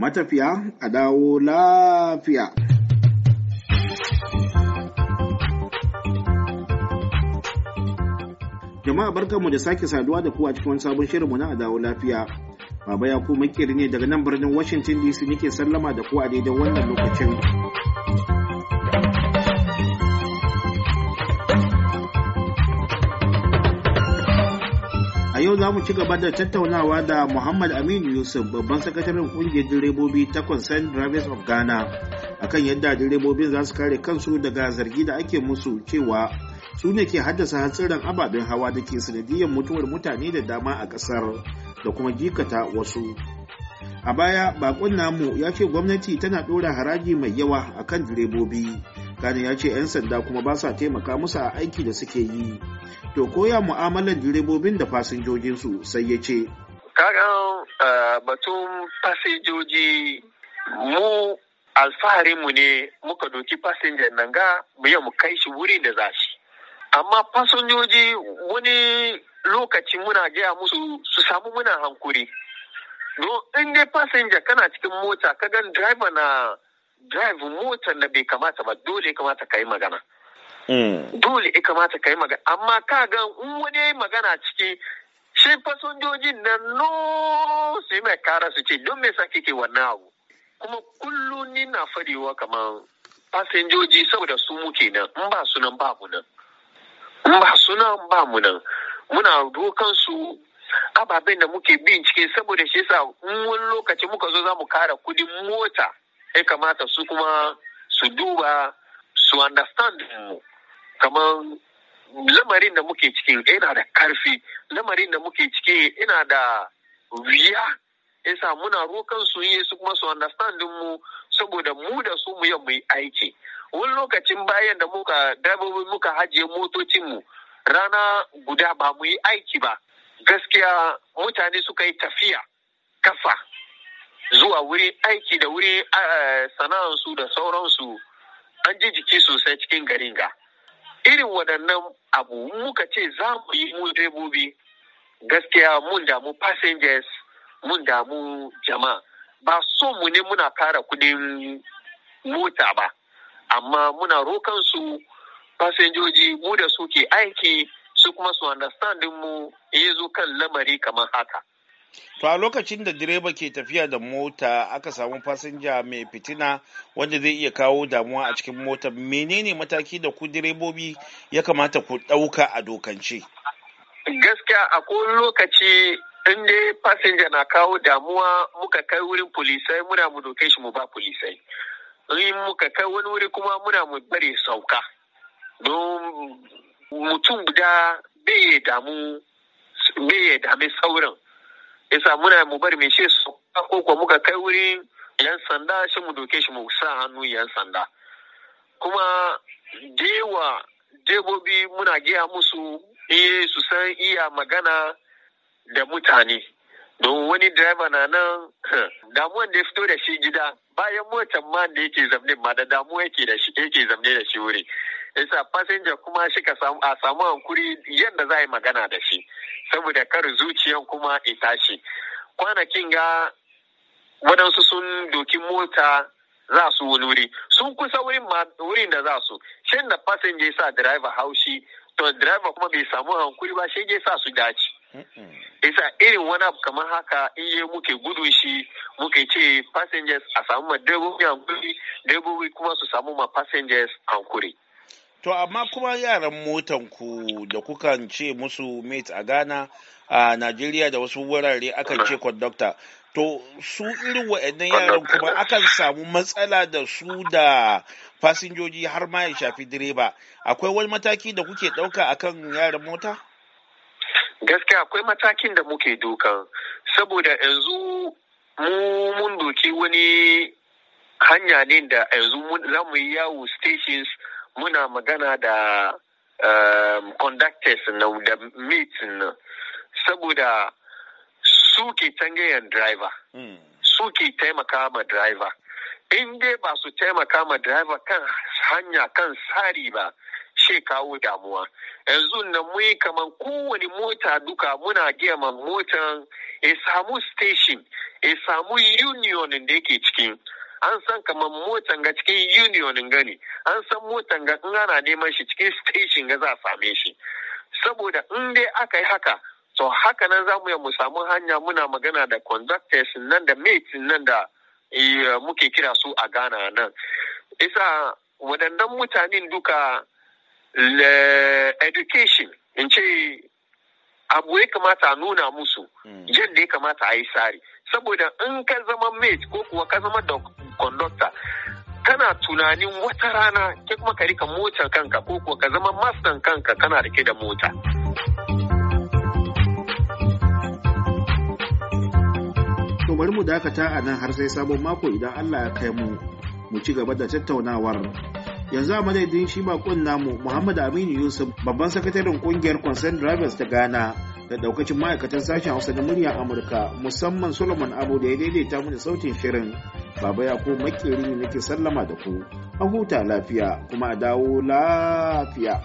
matafiya a dawo lafiya. Jama'a barkanmu da sake saduwa da kuwa a cikin sabon shirinmu na a dawo lafiya. Baba ya ku makeri ne daga nan birnin Washington DC nake sallama da ku a daidai wannan lokacin. yau za mu ci gaba da tattaunawa da Muhammad Aminu Yusuf babban sakataren kungiyar direbobi ta Concerned Drivers of Ghana akan yadda direbobin za su kare kansu daga zargi da ake musu cewa su ne ke haddasa hatsarin ababen hawa da ke sanadiyar mutuwar mutane da dama a ƙasar da kuma jikata wasu. A baya bakon namu ya ce gwamnati tana ɗora haraji mai yawa akan direbobi. Gani ya ce 'yan sanda kuma ba sa taimaka musu a aiki da suke yi. to koya mu'amalar direbobin da fasinjojinsu sai ya ce. Kagan eh, batun fasinjoji mu mu ne muka doki fasinjan nan ga mu mu kai shi wuri da za shi. Amma fasinjoji wani lokaci muna gaya musu su samu muna hankuri. Don in dai fasinja kana cikin mota ka ga driver na drive motar da bai kamata ba dole kamata ka yi magana. Mm. dole ya kamata ka yi magana amma ka ga wani ya yi magana ciki shi fasinjojin nan no su yi mai kara su ce don me sa kike wannan abu kuma kullum ni na farewa kamar fasinjoji saboda su muke nan in ba su nan ba mu nan in ba su nan ba mu nan muna dokan su ababen da muke bin ciki, saboda shi sa wani lokaci muka zo za mu kara kudin mota ya kamata su kuma su duba su understand mu kamar lamarin da muke ciki yana da karfi lamarin da muke ciki yana da wuya sa-sa, muna rokan su yi su kuma su understanding mu saboda mu da su mu yau mu yi aiki wani lokacin bayan da muka dabobi muka hajiye motocin mu rana guda ba mu yi aiki ba gaskiya mutane suka yi tafiya kafa zuwa wurin aiki da wurin eh, sana'ansu da sauransu an ji jiki sosai cikin garin ga irin waɗannan abu muka ce za mu yi mu direbobi gaskiya mun damu passengers mun damu jama'a ba so mu ne muna kara kudin mota ba amma muna rokan su fasinjoji mu da ke aiki su kuma su understanding mu ya zo kan lamari kamar haka to a lokacin da direba ke tafiya da mota aka samu fasinja mai fitina wanda zai iya kawo damuwa a cikin mota menene mataki da ku direbobi ya kamata ku ɗauka a dokance gaskiya a kowane lokaci in dai fasinja na kawo damuwa muka kai wurin polisai muna mu doke shi mu ba polisai in muka kai wani wuri kuma muna mu bare sauka don mutum guda bai damu bai dame sauran isa muna mu bari mai ce su ko kuwa muka kai wurin yan sanda shi mu doke shi mu sa hannu yan sanda kuma dewa debobi muna giya musu iye eh, su san iya magana da mutane don wani driver na nan damuwan da ya fito da shi gida bayan motar ma da yake zamne ma da damuwa yake zamne da shi wuri yasa fasinja kuma shi ka samu a samu hankuri yadda za a yi magana da shi saboda kar zuciyan kuma ya tashi kwanakin ga waɗansu sun doki mota za su wani wuri sun kusa wurin da za su shin da fasinja sa driver haushi to driver kuma bai samu hankuri ba shi ya sa su dace isa irin wani abu kamar haka in yi muke gudu shi muke ce passengers a samu ma direbobi hankuri direbobi kuma su samu ma passengers hankuri. To amma kuma yaran motan ku da kukan ce musu mate a Ghana a Najeriya da wasu wurare akan ce conductor. To su irin wa'annan yaran kuma akan samu matsala da su da fasinjoji har ma ya shafi direba. Akwai wani mataki da kuke ɗauka akan yaran mota? Gaskiya akwai matakin da muke dukan saboda yanzu mu mun doki wani hanya ne da yanzu za mu yi yawo stations muna magana da um, conductors na da mates na saboda su ke tangayen driver hmm. su taimaka ma driver in dai ba su taimaka ma driver kan hanya kan tsari ba she kawo damuwa yanzu na muyi kamar kowane mota duka muna giya ma motan ya samu station ya samu union da yake cikin an san kamar motan ga cikin union gani an san motan ga in ana neman shi cikin station ga za a same shi saboda in dai aka yi haka to haka nan za mu mu samu hanya muna magana da conductors nan da mates nan da eh, muke kira su a Ghana nan isa waɗannan mutanen duka education in ce abu ya kamata a nuna musu hmm. yadda ya kamata a yi sari saboda in ka zama mate ko kuwa ka zama doctor kondokta kana tunanin wata rana ke kuma ka rika motar kanka ko kuwa ka zama masan kanka kana rike da mota. To bari mu dakata a nan har sai sabon mako idan Allah ya kai mu mu ci gaba da tattaunawar. Yanzu a madadin shi bakon namu Muhammad Aminu Yusuf babban sakataren kungiyar Concern Drivers ta Ghana da daukacin ma'aikatan sashen Hausa da muryar Amurka musamman Solomon Abu da ya daidaita mu da sautin shirin. baba ya ko makeri ne nake sallama da ku a huta lafiya kuma a dawo lafiya